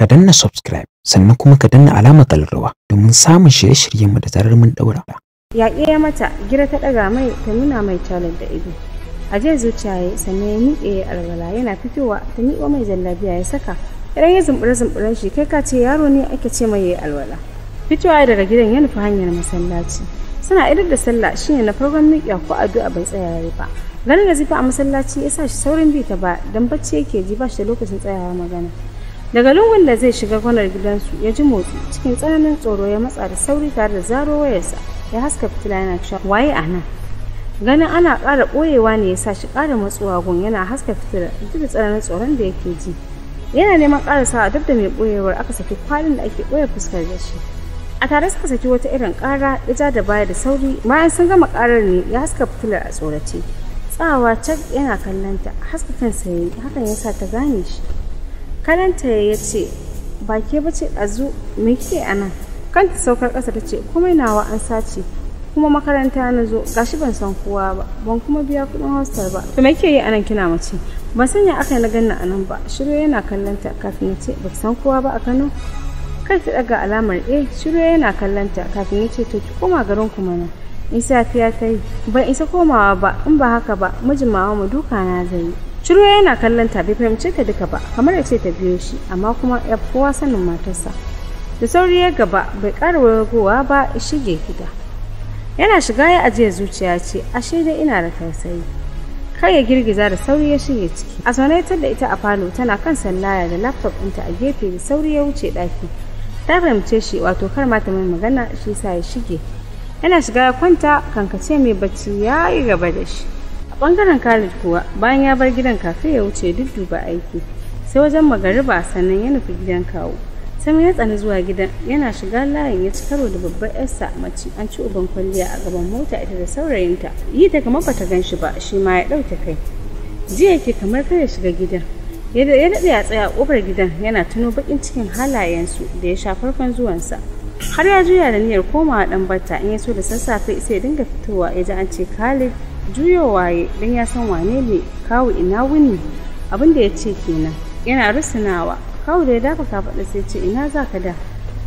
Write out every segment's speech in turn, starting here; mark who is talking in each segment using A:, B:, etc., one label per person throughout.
A: ka danna subscribe sannan kuma ka danna alamar kallarwa domin samun shirye-shiryenmu da zarar mun daura. Yaƙe ya mata gira ta ɗaga mai ta nuna mai calar da ido. A jiya zuciya ya sannan ya miƙe ya alwala yana fitowa ta miƙo mai jallabiya ya saka. Idan ya zumbura zumburan shi kai ka ce yaro ne ake ce mai ya alwala. Fitowa daga gidan ya nufi hanyar masallaci. Suna idar da sallah shine na farkon miƙa ko addu'a bai tsaya ya ba. Ganin da zifa a masallaci ya sa shi saurin bi ta ba don bacci yake ji ba shi da lokacin tsayawa magana. daga lungun da zai shiga gonar gidansu ya ji motsi cikin tsananin tsoro ya matsa da sauri tare da zaro wayarsa ya haska fitila yana cewa waye a nan ganin ana ƙara ɓoyewa ne ya sa shi ƙara matsuwa gun yana haska fitila duk da tsananin tsoron da yake ji yana neman ƙarasa a duk da mai ɓoyewar aka saki kwalin da ake ɓoye fuskar da shi a tare suka saki wata irin ƙara ya ja da baya da sauri bayan sun gama ƙarar ne ya haska fitilar a tsorace tsawa cak yana kallonta haska kansa hakan ya sa ta gane shi kananta ya ce ba ke bace ɗazu me ke a kanta saukar ƙasa ta ce komai nawa an sace kuma makaranta na zo gashi ban san kowa ba ban kuma biya kuɗin hostel ba to me ke yi a kina mace ban sanya aka na ganna a nan ba shiru yana kallanta kafin ya ce ba san kowa ba a Kano ta daga alamar eh shiru yana kallanta kafin ya ce to ki koma garin ku mana in safiya ta yi ban isa komawa ba in ba haka ba mijin mawa mu duka na zai yi Ciro yana kallon ta bai fahimce ta duka ba kamar ya ce ta biyo shi amma kuma ya kowa sanin matarsa. Da sauri ya gaba bai ƙara wargowa ba shige gida. Yana shiga ya ajiye zuciya ce ashe dai ina da tausayi. Kai ya girgiza da sauri ya shige ciki. A ta da ita a falo tana kan sallaya da laptop ɗinta a gefe da sauri ya wuce ɗaki. Ta fahimce shi wato kar ma ta mai magana shi sa ya shige. Yana shiga ya kwanta kankace mai bacci ya yi gaba da shi. bangaren khalid kuwa bayan ya bar gidan kafe ya wuce duk duba aiki sai wajen magariba sannan ya nufi gidan kawo sami ya tsani zuwa gidan yana shiga layin ya ci karo da babbar yarsa mace an ci uban kwalliya a gaban mota ita da saurayinta yi ta kamar bata gan shi ba shi ma ya ɗauke kai jiya ke kamar kar ya shiga gidan ya daɗe a tsaya a ƙofar gidan yana tuno baƙin cikin halayensu da ya sha farkon zuwansa har ya juya da niyyar komawa ɗan bata in ya so da sassafe sai ya dinga fitowa ya ji an ce khalid juyo waye don ya san wane ne kawu ina wuni abin da ya ce kenan yana rusunawa kawu da ya dafa kafaɗa sai ce ina za ka da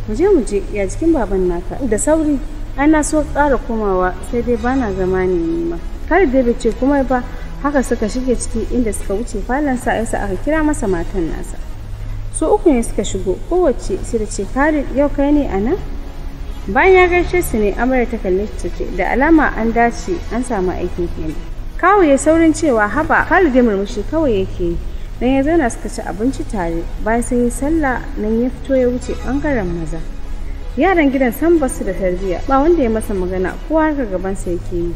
A: mu je mu je ya jikin baban naka da sauri ana so ƙara komawa sai dai bana zama ne nima kar da bai ce komai ba haka suka shige ciki inda suka wuce falon sa yasa aka kira masa matan nasa su uku ne suka shigo kowace sai da ce kare yau kai ne a nan bayan ya gaishe su ne amurka ta kalli ta ce da alama an dace an samu aikin kenan kawo ya saurin cewa haba da murmushi kawai yake yi don ya zauna suka ci abinci tare bayan sun yi sallah nan ya fito ya wuce bangaren maza yaran gidan san basu da tarbiyya ba wanda ya masa magana kowa ga gabansa yake yi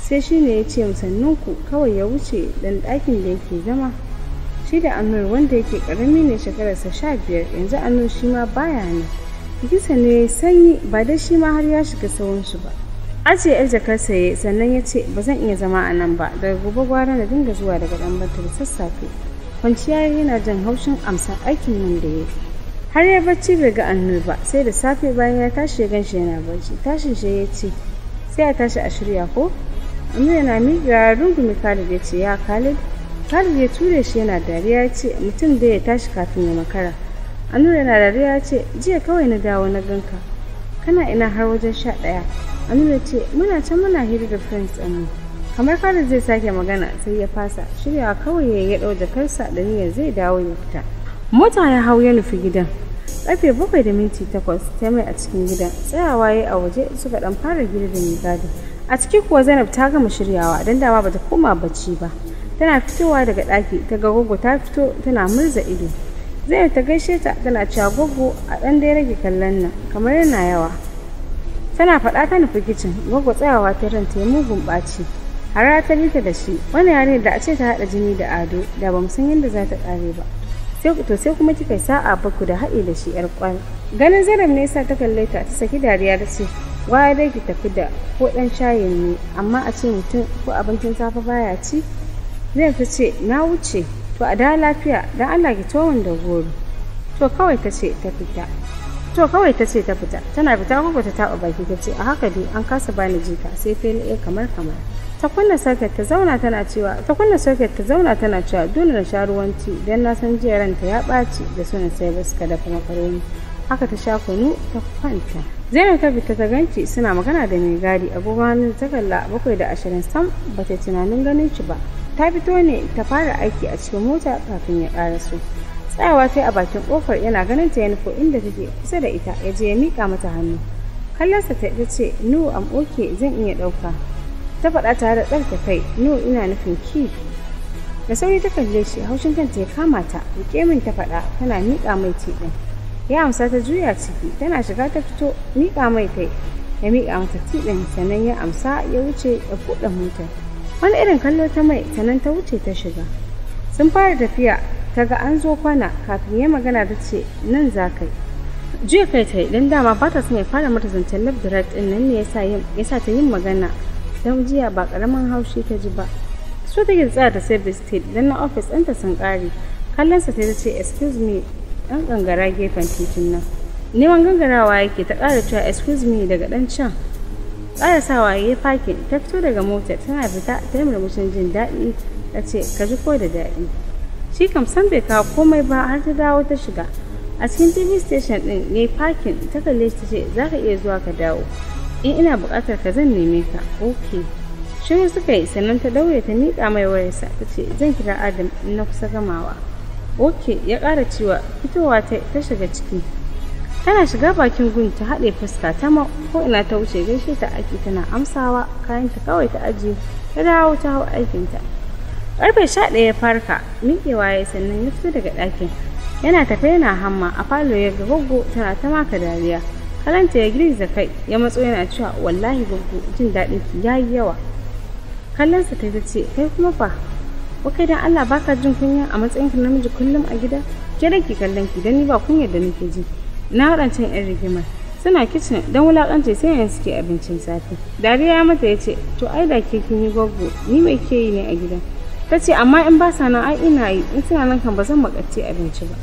A: sai shi ne ya ce musanninku kawai ya wuce dan ɗakin da yake zama shi da annur wanda yake karami ne shekararsa sha biyar yanzu annur shi ma baya ne. jikinsa ne sanyi ba dai shi ma har ya shiga sawun shi ba ce yar jakar saye sannan ya ce ba zan iya zama a nan ba daga gobe gwara da dinga zuwa daga dan da sassafe kwanciya yana jan haushin amsa aikin nan da ya har ya bacci bai ga annu ba sai da safe bayan ya tashi ya ganshi yana barci tashin shi ya ce sai ya tashi a shirya ko annu yana miga rungumi Khalid ya ce ya Khalid Khalid ya ture shi yana dariya ya ce mutum da ya tashi kafin ya makara Anura yana dare ya ce jiya kawai na dawo na ganka kana ina har wajen sha ɗaya Anura ce muna can muna hira da friends ɗinmu kamar kada zai sake magana sai ya fasa shiryawa kawai ya ya ɗau jakarsa da niyyar zai dawo ya fita mota ya hau ya nufi gidan karfe bakwai da minti takwas ta mai a cikin gidan tsayawa ya a waje suka ɗan fara gida da gadi a ciki kuwa zainab ta gama shiryawa don dama bata koma bacci ba tana fitowa daga ɗaki ta ga ta fito tana murza ido zai ta gaishe ta tana cewa a ɗan dai rage kallon nan kamar yana yawa tana faɗa ta nufi kicin gwaggo tsayawa ta ran ta mugun ɓaci har ta bi ta da shi wani yare da a ce ta haɗa jini da ado da ba san yadda za ta ƙare ba sai to sai kuma kika sa'a baku da haɗe da shi yar kwan ganin zaram ne yasa ta kalle ta ta saki dariya ta ce waya dai ki tafi da ko dan shayin ne amma a ce mutum ko abincin safe baya ci zai ta ce na wuce to a da lafiya don allah ki towon da goro to kawai ta ce ta fita to kawai ta ce ta fita tana fita kuma ta taba baki ta ce a haka dai an kasa bani jita, sai fela ya kamar kamar ta kunna soket ta zauna tana cewa ta kunna soket ta zauna tana cewa dole na sha ruwan ci don na san jiya ranta ya ɓaci da sunan sai ba suka dafa makaroni haka ta sha kunu ta kwanta zainab ta fita ta ganci suna magana da mai gadi agogo hannun ta kalla bakwai da ashirin sam bata tunanin ganin shi ba ta fito ne ta fara aiki a cikin mota kafin ya ƙara su tsayawa sai a bakin kofar yana ganin ta yanfo inda take kusa da ita ya je ya mika mata hannu kallonsa ta ita ce nu am oke zan iya ɗauka ta faɗa tare da tsarta kai nu ina nufin ki da sauri ta kalle shi haushin kanta ya kama ta rike min ta faɗa tana miƙa mai ce ɗin ya amsa ta juya ciki tana shiga ta fito miƙa mai kai ya miƙa mata tiɗin sannan ya amsa ya wuce ya buɗe motar wani irin kallo ta mai sannan ta wuce ta shiga sun fara tafiya ta ga an zo kwana kafin ya magana ta ce nan za kai juya kai ta yi, don dama ba ta son ya fara mata zancen lab direct din nan ne ya sa ta yin magana don jiya ba karamin haushi ta ji ba ta take tsaya ta sai state don na office ɗinta sun ƙare kallonsa ta ce excuse me ɗan gangara gefen titin nan neman gangarawa yake ta ƙara cewa excuse me daga ɗan can ƙarasawa ya yi fakin ta fito daga motar tana fita ta yi murmushin jin daɗi ta ce ka ji ko da daɗi shi kam san bai kawo komai ba har ta dawo ta shiga a cikin tv station ɗin ya yi fakin ta kalle ta ce za ka iya zuwa ka dawo in eh, ina buƙatar ka zan neme ka ok shirin suka yi sannan ta daure ta miƙa mai wayarsa ta ce zan kira adam na kusa gamawa ok ya ƙara cewa fitowa ta shiga ciki tana shiga bakin gun ta haɗe fuska ta ma ko ina ta wuce gaishe ta ake tana amsawa kayan ta kawai ta ajiye ta dawo ta hau aikinta karfe sha ɗaya farka miƙewa ya sannan ya fito daga ɗakin yana tafe yana hamma a falo ya ga goggo tana ta maka dariya kalanta ya girgiza kai ya matso yana cewa wallahi goggo jin daɗin ki yi yawa kallonsa ta ce kai kuma fa kai dan Allah baka jin kunya a matsayin ki namiji kullum a gida ke da ki kallon ki dan ni ba kunya da nake ji na waɗancan 'yan rigima? suna kicin don wulakanci sai yanzu suke abincin safe dariya ya mata ya ce to ai da ke kin yi ni mai ke yi ne a gidan ta ce amma in ba sa nan ai ina yi in suna nan kan ba zan makacce abinci ba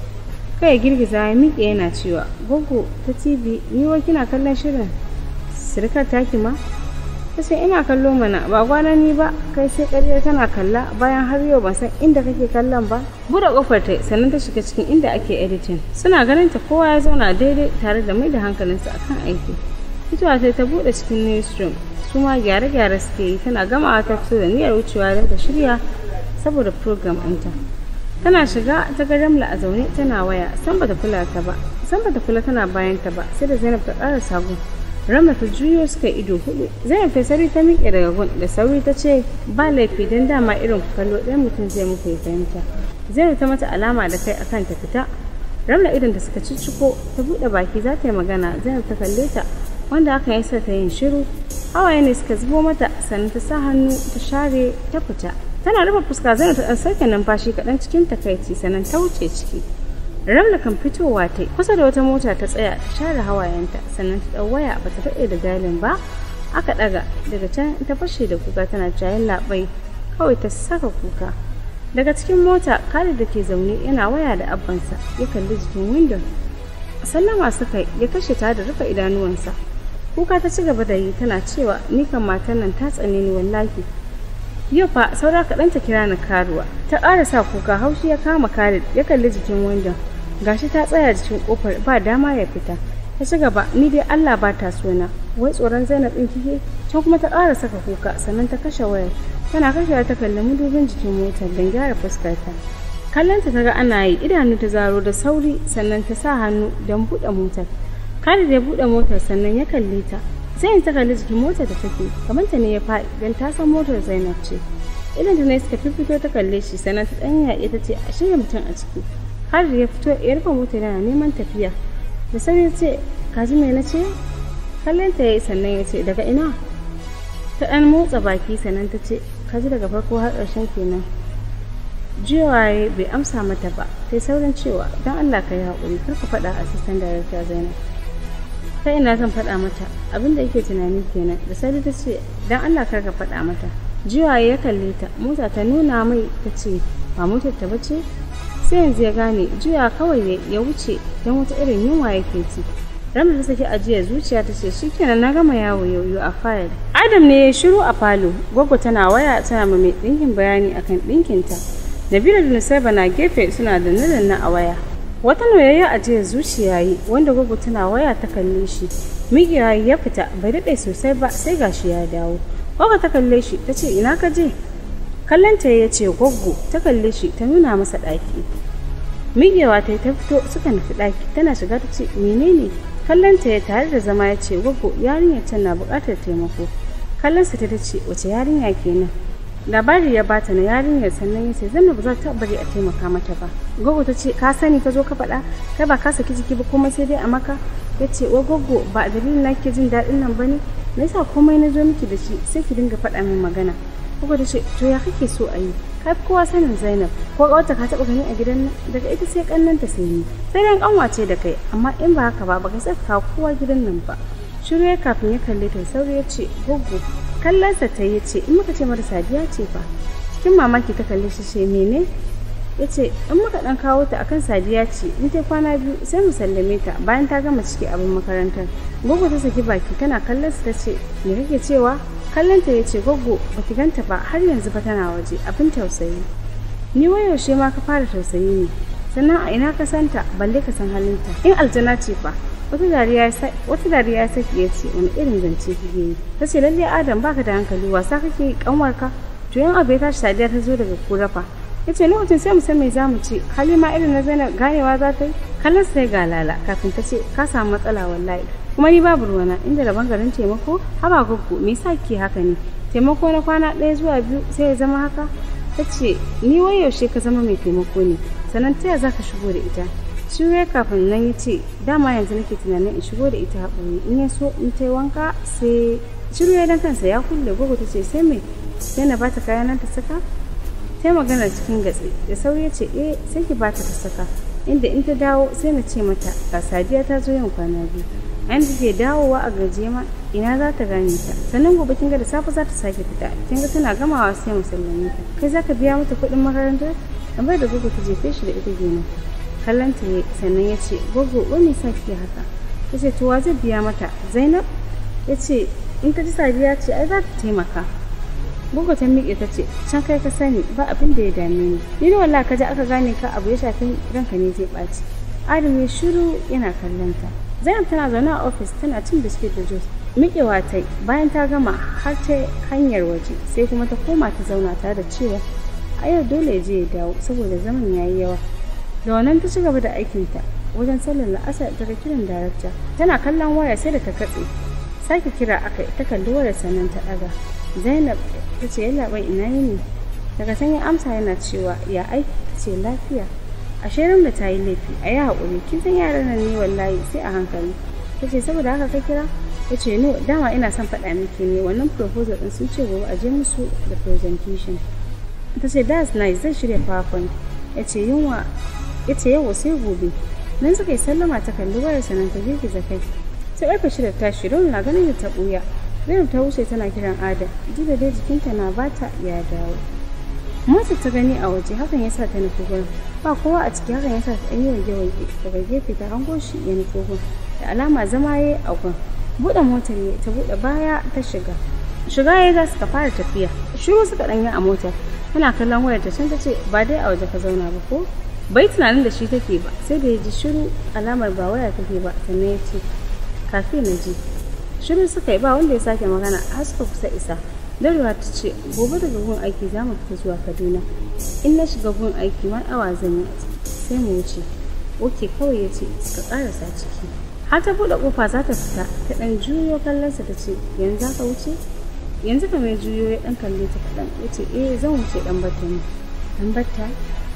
A: kai girgiza ya miƙe yana cewa gwaggo ta tv ni wa kina kallon shirin sirikar taki ma sai ina kallo mana ba gwana ni ba kai sai ƙarya tana kalla bayan har yau ban san inda kake kallon ba buɗe ƙofar ta sannan ta shiga cikin inda ake editin suna ganin ta kowa ya zauna daidai tare da mai da hankalinsa akan aiki fitowa sai ta buɗe cikin newsroom su ma gyare-gyare suke yi tana gamawa ta fito da niyyar wucewa don ta shirya saboda program ɗinta tana shiga ta ga jamla a zaune tana waya san bata kula ta ba san bata kula tana bayan ta ba sai da zainab ta ƙara sabo rama ta juyo suka ido hudu zainab ta sauri ta miƙe daga gun da sauri ta ce ba laifi don dama irin kallo ɗaya mutum zai muku ya fahimta zainab ta mata alama da kai akan ta fita ramla idan da suka cicciko ta buɗe baki za ta yi magana zainab ta kalle ta wanda hakan ya sa ta yin shiru hawaye ne suka zubo mata sannan ta sa hannu ta share ta fita tana rufe fuska zainab ta ɗan sauke numfashi kaɗan cikin takaici sannan ta wuce ciki ramla kan fitowa ta kusa da wata mota ta tsaya ta share hawayenta sannan ta ɗau waya ba ta daɗe da galin ba aka ɗaga daga can ta fashe da kuka tana jayin labai kawai ta saka kuka daga cikin mota khalid da ke zaune yana waya da abbansa ya kalli jikin windon sallama suka ya kashe ta da rufe idanuwansa kuka ta ci gaba da yi tana cewa ni kan matan nan ta tsane ni wallahi yau fa saura kaɗan ta kira ni karuwa ta ƙara sa kuka haushi ya kama khalid ya kalli jikin windon gashi ta tsaya jikin kofar ba dama ya fita ta ci gaba ni dai Allah ba ta na wai tsoron Zainab din kike ta kuma ta ƙara saka kuka sannan ta kashe wayar tana kashe ta kalli madubin jikin motar don gyara fuskar ta kallon ta ga ana yi idanu ta zaro da sauri sannan ta sa hannu don buɗe motar kada da ya buɗe motar sannan ya kalli ta Zainab ta kalli jikin motar da take kamar ta ne ya faɗi don ta san motar Zainab ce idan ta ne suka fito ta kalle shi sannan ta ɗanya ita ce a shirya mutum a ciki har ya fito ya rufe mota yana neman tafiya da sani ya ce kaji me na ce kallon ta ya yi sannan ya ce daga ina ta ɗan motsa baki sannan ta ce kaji daga farko har ƙarshen kenan jiwaye bai amsa mata ba yi saurin cewa don allah ka yi haƙuri kar ka faɗa asistan darakta zainab ta ina zan faɗa mata abin da yake tunani kenan da sadi ta ce don allah kar ka faɗa mata jiwaye ya kalle ta mota ta nuna mai ta ce ba motar ta bace sai yanzu ya gane jiya kawai ya wuce don wata irin yunwa yake ci ramar ta saki ajiya zuciya ta ce kenan na gama yawo yoyo a fayil adam ne ya shiru a falo gwaggo tana waya tana ma mai ɗinkin bayani akan ɗinkinta nabila da nusaiba na gefe suna da na a waya wata noyayya ajiyar zuciya yi wanda gwaggo tana waya ta kalle shi migira ya fita bai daɗe sosai ba sai gashi ya dawo gwaggo ta kalle shi ta ce ina ka je kallon ta ya ce gwaggo ta kalle shi ta nuna masa ɗaki migewa ta yi ta fito suka nufi ɗaki tana shiga ta ce menene kallon ta ya tare da zama ya ce gwaggo yarinyar can na buƙatar taimako kallon sa ta ta ce wace yarinya kenan labari ya bata na yarinyar sannan ya ce ba za ta bari a taimaka mata ba gwaggo ta ce ka sani ka zo ka faɗa kai ba ka saki jiki ba komai sai dai a maka ya ce wa gwaggo ba dalilin na ke jin daɗin nan ba ne na yasa komai na zo miki da shi sai ki dinga faɗa min magana gwaggo ta ce to ya kake so a yi ka kowa sanin zainab ko kawata ka taba gani a gidan nan daga ita sai ta sai ni sai dan kanwa ce da kai amma in ba haka ba baka saka ka kowa gidan nan ba shiru ya kafin ya kalle ta sauri ya ce gugu kallonsa ta yi ce in muka ce mara sadiya ce fa cikin mamaki ta kalle shi sai mene ya ce in muka ɗan kawo ta akan sadiya ce in ta kwana biyu sai mu sallame ta bayan ta gama ciki abin makarantar gugu ta saki baki tana kallonsa ta ce me kake cewa kallonta ya ce Goggo ba ki ganta ba har yanzu ba tana waje abin tausayi ni wa yaushe ma ka fara tausayi ne sannan a ina ka santa balle ka san halinta in aljanna ce fa wata dariya ya saki ya ce wani irin zance kike yi ta ce lallai adam baka da hankali wasa kake yi ka to yan abu ya tashi sadiya ta zo daga kurafa ya ce lokacin sai mu san me za mu ce hali ma irin na zainab ganewa za ta yi kallon sai ga lala kafin ta ce ka samu matsala wallahi kuma ni babu ruwana inda da garin taimako haba gugu me yasa ke haka ne taimako na kwana ɗaya zuwa biyu sai ya zama haka ta ce ni wai yaushe ka zama mai taimako ne sannan ta za ka shigo da ita shi kafin nan ya ce dama yanzu nake tunanin in shigo da ita haƙuri in ya so in ta wanka sai shiru dan kansa ya kulle gugu ta ce sai mai sai na bata kayan nan ta saka sai magana cikin gatse da sauri ya ce eh sai ki bata ta saka inda in ta dawo sai na ce mata ga sadiya ta zo yin kwana biyu yan ke dawowa a gaje ma ina za ta gane ta sannan gobe kinga da safe za ta sake fita kin ga tana gamawa sai mu sallame ta kai za ka biya mata kuɗin makaranta bai da gogo ta jefe shi da ita gina. kallon ta sannan ya ce gogo wani sa ke haka ta ce to wa zai biya mata zainab ya ce in ta ji sadiya ce ai za ta taimaka Gogo ta miƙe ta ce, can kai ka sani ba abin da ya dame ni. Ni ne wallahi ka ji aka gane ka abu ya shafi ranka ne zai ɓaci. Adam ya shiru yana kallon ta. zainab tana zaune a ofis tana cin biskit da juice miƙewa ta bayan ta gama har ta hanyar waje sai kuma ta koma ta zauna tare da cewa a yau dole je ya dawo saboda zaman ya yi yawa da wannan ta ci gaba da aikinta wajen sallar la'asar daga kiran darakta tana kallon waya sai da ta katse sake kira aka ta kalli wayar sannan ta ɗaga zainab ta ce yalla ina ne daga sanya amsa yana cewa ya aiki ta ce lafiya ashe da ta yi laifi a yi haƙuri kin san yaran nan ne wallahi sai a hankali ta ce saboda haka ka kira ta ce no dama ina son faɗa miki ne wannan proposal ɗin sun ce gobe a je musu da presentation ta ce that's nice zan shirya powerpoint ya ce yunwa ya ce yawa sai gobe nan suka yi sallama ta kalli wayar sanan ta gizo kai sai ƙarfe shida ta shiro na ganin da ta ɓuya zainab ta wuce tana kiran ada jida dai jikinta na bata ya dawo Motar ta gani a waje hakan yasa sa ta nufi gurin. Ba kowa a ciki hakan yasa sa ta yi wage wange daga gefe ta hango shi ya nufi gurin. Da alama zama ya yi a gurin. Buɗe motar ne ta buɗe baya ta shiga. Shiga ya za ka fara tafiya. Shiru suka ɗan a motar. Tana kallon wayar ta can ta ce ba dai a waje ka zauna ba ko? Bai tunanin da shi take ba sai da ya ji shiru alamar ba waya take ba sannan ya ce kafin na ji. Shiru suka yi ba wanda ya sake magana har suka kusa isa. Darwa ta ce gobe daga gun aiki za mu fita zuwa Kaduna. In na shiga gun aiki mar awa zan yi sai mu wuce. Oke kawai ya ce suka karasa ciki. Har ta buɗe ƙofa za ta fita ta ɗan juyo kallonsa ta ce yanzu ka wuce? Yanzu ka mai juyo ya ɗan kalle ta kaɗan ya ce eh zan wuce ɗan batta ne. Ɗan batta?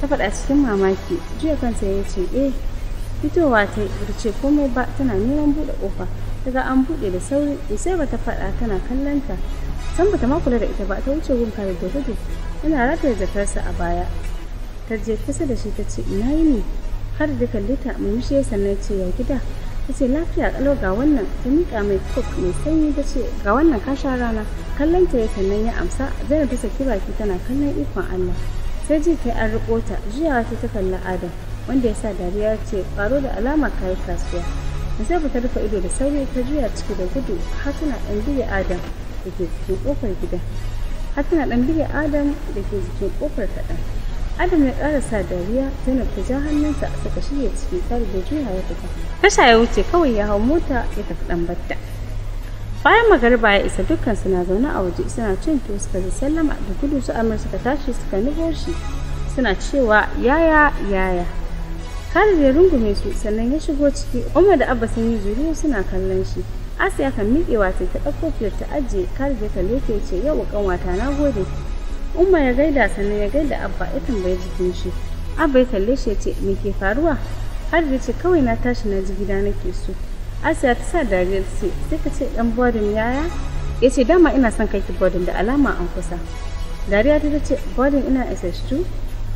A: Ta faɗa cikin mamaki juya kansa ya ce eh fitowa ta yi ce komai ba tana neman buɗe kofa daga an buɗe da sauri sai ba ta faɗa tana kallonta. san bata ma kula da ita ba ta wuce gun kare da gudu yana rataye jakarsa a baya ta je kusa da shi ta ce ina yi ne har da kalle ta murmushi sannan ce ya gida ta ce lafiya kalo ga wannan ta miƙa mai cook mai sanyi ta ce ga wannan ka rana kallon ta ya sannan ya amsa zainab ta saki baki tana kallon ikon allah sai ji kai an riko ta juyawa ta ta kalla adam wanda ya sa dariya ce faro da alama kayi kasuwa da ta rufe ido da sauri ta juya ciki da gudu har tana ɗan biyu adam da ke cikin kofar gidan har tana ɗan bige adam da ke jikin ƙofar kaɗan adam ya sa dariya zainab ta ja hannunsa suka shirya ciki tare da juya ya fita tasha ya wuce kawai ya hau mota ya tafi ɗan batta bayan magariba ya isa dukkan na zaune a waje suna cin tuwo suka ji sallama da gudu su amma suka tashi suka nufo shi suna cewa yaya yaya Khalid ya rungume su sannan ya shigo ciki Umar da Abba sun yi zuriya suna kallon shi. asiya kan miƙewa ce ta ɗauko fiye ta ajiye karje ta leke ce yau ƙanwata na gode umma ya gaida sannan ya gaida abba ya tambayi jikin shi abba ya kalle shi ya ce me ke faruwa karje ce kawai na tashi na ji gida nake so asiya ta sa dariyar ce sai ka ce ɗan bodin yaya ya ce dama ina son kai ki bodin da alama an kusa dariya ta ce bodin ina ss2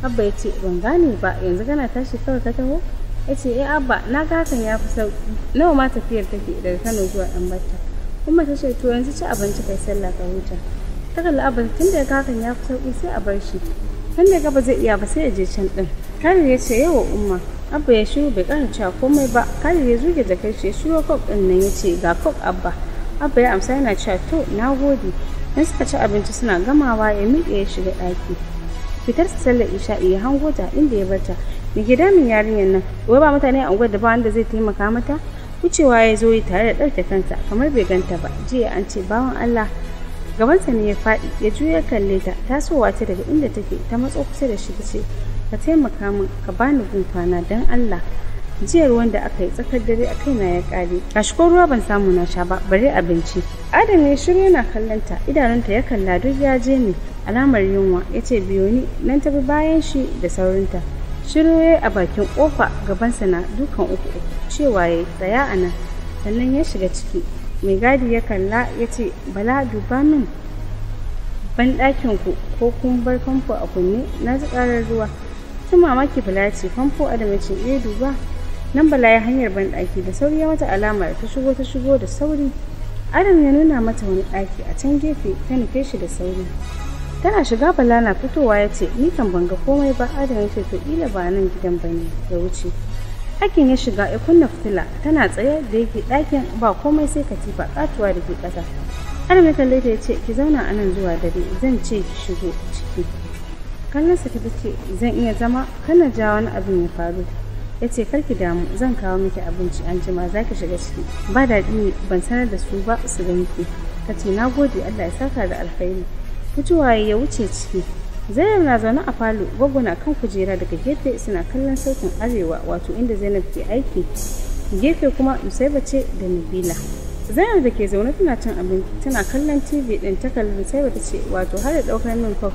A: abba ya ce ban gane ba yanzu kana tashi kawai ka taho ya ce eh abba na kakan ya fi sauki nawa ma tafiyar take daga kano zuwa dan bata? kuma ta ce to yanzu ci abinci kai sallah ka huta ta kalli abba tun da kakan ya fi sauki sai a bar shi tun da gaba zai iya ba sai ya je can din kare ya ce yawa umma abba ya shiru bai kara cewa komai ba kare ya zuge jakar shi ya shiro kok din nan ya ce ga kok abba abba ya amsa yana cewa to na gode in suka ci abinci suna gamawa ya miƙe ya shiga ɗaki fitar sallar isha'i ya hango ta inda ya bata me ke damin yarinyar nan wai ba mutane a unguwar da ba wanda zai taimaka mata wucewa ya zo yi tare da ɗauke kansa kamar bai ganta ba jiya an ce bawan allah gabansa ne ya faɗi ya juya kalle ta tasowa ta daga inda take ta matso kusa da shi ce ka taimaka min ka bani gunfana dan allah jiya ruwan da aka yi tsakar dare a kaina ya kare gashi ko ruwa ban samu na sha ba bare abinci adam ya shiru yana kallon ta idanunta ya kalla duk ya je ne alamar yunwa ya ce biyo ni nan tafi bayan shi da saurinta shiru ya a bakin kofa sa na dukan uku cewa ya tsaya a nan sannan ya shiga ciki mai gadi ya kalla ya ce bala duba min ban ɗakin ku ko kun bar famfo a kunne na ji ƙarar ruwa ta mamaki bala ce famfo a da mace ya eh, duba nan bala ya hanyar ban ɗaki da sauri ya mata da ta shigo ta shigo da sauri adam ya nuna mata wani ɗaki a can gefe ta nufe shi da sauri tana shiga bala na fitowa ya ce ni kan ban komai ba adam ya ce to ila ba nan gidan ba ne ya wuce hakin ya shiga ya kunna fitila tana tsaye da yake ɗakin ba komai sai katifa katuwa da ke ƙasa adam ya kalle ta ya ce ki zauna a nan zuwa dare zan ce ki shigo ciki kallon sa ta ce zan iya zama kana ja wani abin ya faru ya ce ki damu zan kawo miki abinci an jima za ki shiga ciki ba daɗi ban sanar da su ba su ganki ka ce na gode allah ya saka da alkhairi fitowa ya wuce ciki zainab na zaune a falo gwaggo kan kujera daga gefe suna kallon sautin arewa wato inda zainab ke aiki gefe kuma musaiba ce da nabila zainab da ke zaune tana cin abinci tana kallon tv din ta kalli musaiba ta ce wato har da daukar min kwaf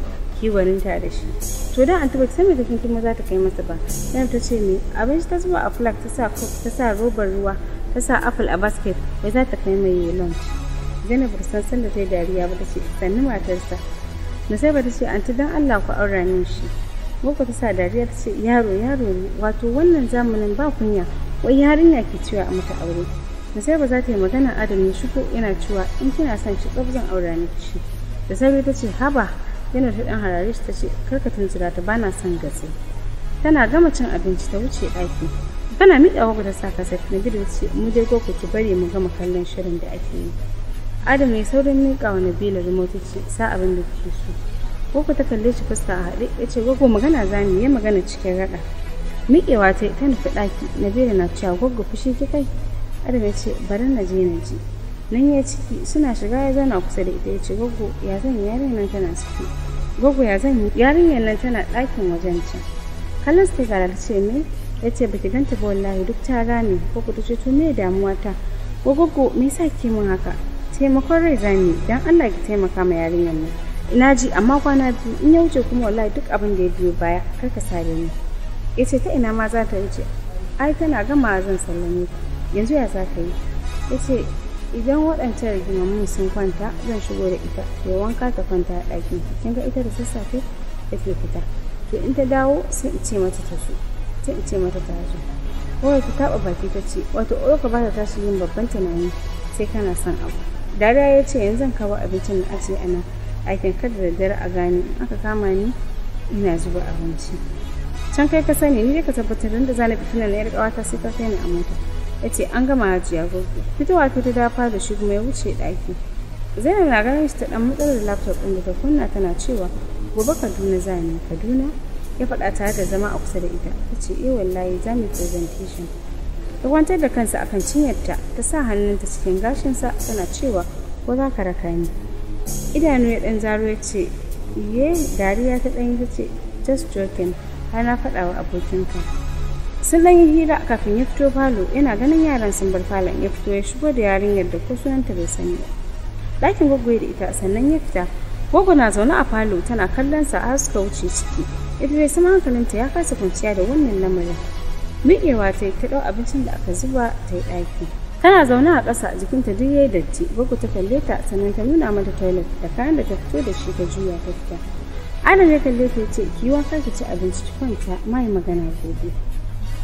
A: ta da shi to da an tabbata sai tafin kuma za ta kai masa ba zainab ta ce me abinci ta zuba a flag ta sa ta sa robar ruwa ta sa apple a basket wai za ta kai mai lunch zainab san sanda ta yi dariya ba ta ce sannu matarsa ba ta ce anti don allah ku aura min shi boko ta sa dariya ta ce yaro yaro ne wato wannan zamanin ba kunya wai yarinya ke cewa a mata aure ba za ta yi magana adam ya shigo yana cewa in kina son shi tsaf zan aura ne shi da sai ta ce haba yana ta dan harare shi ta ce karka tunzura ta bana son gatsi tana gama cin abinci ta wuce ɗaki tana miƙa wa ta sa kasafi na gida ce mu dai ko ki bari mu gama kallon shirin da ake yi adam ya saurin miƙa wa nabila remote ce sa abin da ke so gogo ta kalle shi fuska a haɗe ya ce gwaggo magana za mu yi magana cikin raɗa miƙewa ta ta nufi ɗaki nabila na cewa gwaggo fushi ki kai adam ya ce bari na je na ji nan ya ciki suna shiga ya zana kusa da ita ya ce gwaggo ya zan yarinyar nan tana ciki gwaggo ya zan yarinyar nan tana ɗakin wajen can kallon su ta ce me ya ce baki ganta ba wallahi duk ta rame gogo ta ce to me damuwa ta gogo me yasa ke mun haka taimakon rai zami don allah ki taimaka ma yarinyar nan ina ji amma kwana biyu in ya wuce kuma wallahi duk abin da ya biyo baya kar ka sare ni ya ce ta ina ma za ta wuce ai tana gama zan sallame yanzu ya za ka yi ya ce idan waɗancan mu sun kwanta zan shigo da ita ya wanka ta kwanta a ɗakin kin ga ita da sassafe take fita to in ta dawo sai in ce mata ta so sai in ce mata ta zo kawai ta taɓa baki ta ce wato oka ba ta tashi yin babban tunani sai kana son abu Dada ya ce yanzu kawo abincin na ajiye a nan aikin kada da dare a gani in aka kama ni ina zuba abinci can kai ka sani ni ka tabbatar da zana fitina na yar kawata sai ka kai ni a mota ya ce an gama hajiya gobe fitowa ta ta dafa da shi kuma ya wuce ɗaki zainab na ganin shi ta ɗan matsalar laptop ɗin da ta kunna tana cewa gobe kaduna zani kaduna ya faɗa tare da zama a kusa da ita ta ce eh wallahi za mu presentation ta kwantar da kansa akan cinyarta ta sa hannunta cikin gashinsa tana cewa ko za ka raka ni idanu ya dan zaro ya ce ye dariya ta ɗan ta ce just joking har na faɗa wa abokinka sun ɗan yi hira kafin ya fito falo yana ganin yaran sun bar falon ya fito ya shigo da yarinyar da ko sunanta bai sani ba ɗakin gwaggwaye da ita sannan ya fita Gogo na zaune a falo tana kallon sa a suka wuce ciki. Idris hankalinta ya kasa kwanciya da wannan lamarin. miƙewa ta yi ta ɗau abincin da aka zuba ta yi ɗaki tana zaune a ƙasa jikinta duk yayi datti gwaggo ta kalle ta sannan ta nuna mata toilet da kayan da ta fito da shi ta juya ta fita adam ya kalle ta ce ki wanka ki ci abinci ki kwanta mai magana gobe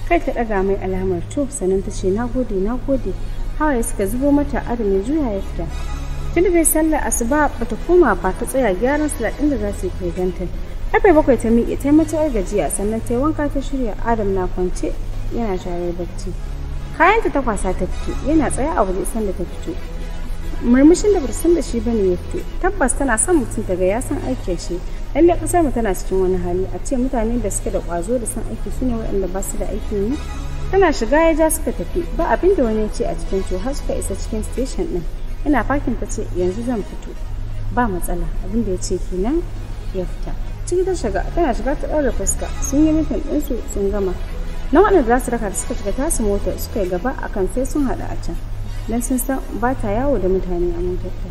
A: kai ta ɗaga mai alamar to sannan ta ce na gode na gode ya suka zubo mata adam ya juya ya fita tun da bai sallar asuba bata koma ba ta tsaya gyaran sula inda za su yi kai gantar karfe bakwai ta miƙe ta matuƙar gajiya sannan ta yi wanka ta shirya adam na kwance yana share bacci kayanta ta kwasa ta fito yana tsaye a waje da ta fito murmushin da bar san da shi bane ya fito tabbas tana son mutum daga ya san aikin shi lallai kasar mu tana cikin wani hali a ce mutane da suke da kwazo da san aiki su ne waɗanda ba su da aikin yi tana shiga ya ja suka tafi ba abin da wani ya ce a cikin to har suka isa cikin station ɗin ina fakin ta ce yanzu zan fito ba matsala abin da ya ce kenan ya fita ciki ta shiga tana shiga ta ɗaure fuska sun yi mitin ɗinsu sun gama na waɗanda za su raka da suka shiga tasu mota suka yi gaba akan sai sun haɗu a can don sun san ba ta yawo da mutane a motar ta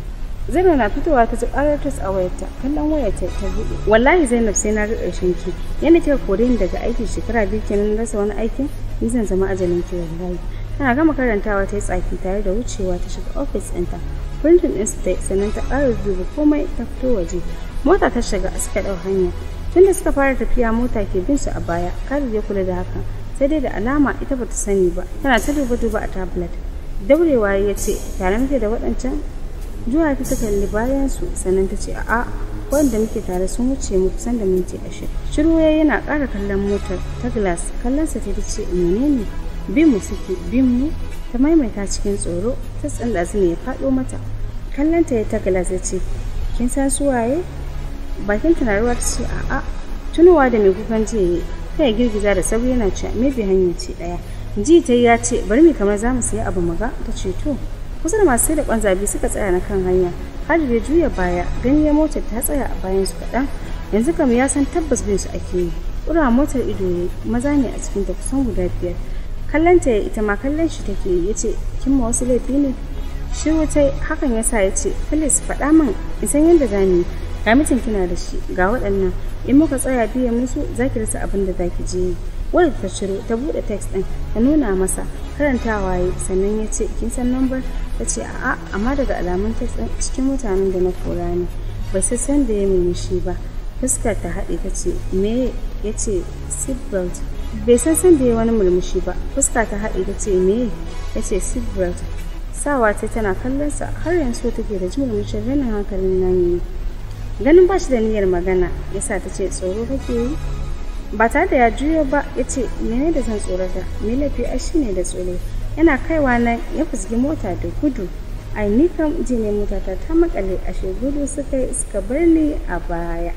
A: zainab na fitowa ta ji ƙarar tas a wayarta kallon wayarta ta buɗe wallahi zainab sai na riƙa ki yana kika kore ni daga aiki shekara biyu kenan na rasa wani aikin ni zan zama ajalin ki wallahi tana gama karantawa ta yi tsaki tare da wucewa ta shiga ofis ɗinta printin ɗinsu ta sannan ta ƙara duba komai ta fito waje mota ta shiga a suka ɗau hanya tunda suka fara tafiya mota ke bin su a baya kari ya kula da hakan sai dai da alama ita bata sani ba tana ta duba duba a tablet daurewa ya ce tare muke da waɗancan juwa ta ta kalli bayan su sannan ta ce a'a wanda muke tare sun wuce mu kusan da minti ashirin shiru yana ƙara kallon motar ta glass sa ta ce menene bin mu suke bin mu ta maimaita cikin tsoro ta tsanda ne ya faɗo mata kallonta ya ta glass ya ce kin san su waye bakin tunaruwa ta ce a'a tunowa da mai kukan jiya kai girgiza da sauri yana ce bi hanya ce daya ji ta ya ce bari mu kamar za mu sayi abu maga ta ce to kusa da masu sai da kwanzabi suka tsaya na kan hanya har da juya baya gani ya motar ta tsaya a bayan su kaɗan yanzu kam ya san tabbas bin su ake yi ƙura motar ido ne maza ne a cikin ta kusan guda biyar kallon ya ita ma kallon shi take ya ce kin ma wasu laifi ne shi wutai hakan ya sa ya ce please faɗa min isan yadda za mu kamitin kina da shi ga waɗannan in muka tsaya biye musu za ki rasa abin da za ki je yi ta ciro ta buɗe text ɗin ta nuna masa karantawa ya sannan ya ce kin san lambar ta ce a'a amma daga alamun text ɗin cikin mutanen da na kora ne bai san san da ya nemi shi ba fuskar ta haɗe ta ce me ya ce seatbelt bai san san da ya wani murmushi ba fuska ta haɗe ta ce me ya ce seatbelt sawa ta tana kallonsa har yanzu take da jin murmushin rinin hankalin nan ne ganin ba shi da niyyar magana yasa ta ce tsoro kake yi ba tare da ya juyo ba ya ce mene da zan tsorata me a ai ne da tsoro yana kaiwa nan ya fusgi mota da gudu ai ni kam ji ne motata ta makale ashe gudu suka yi suka bar ni a baya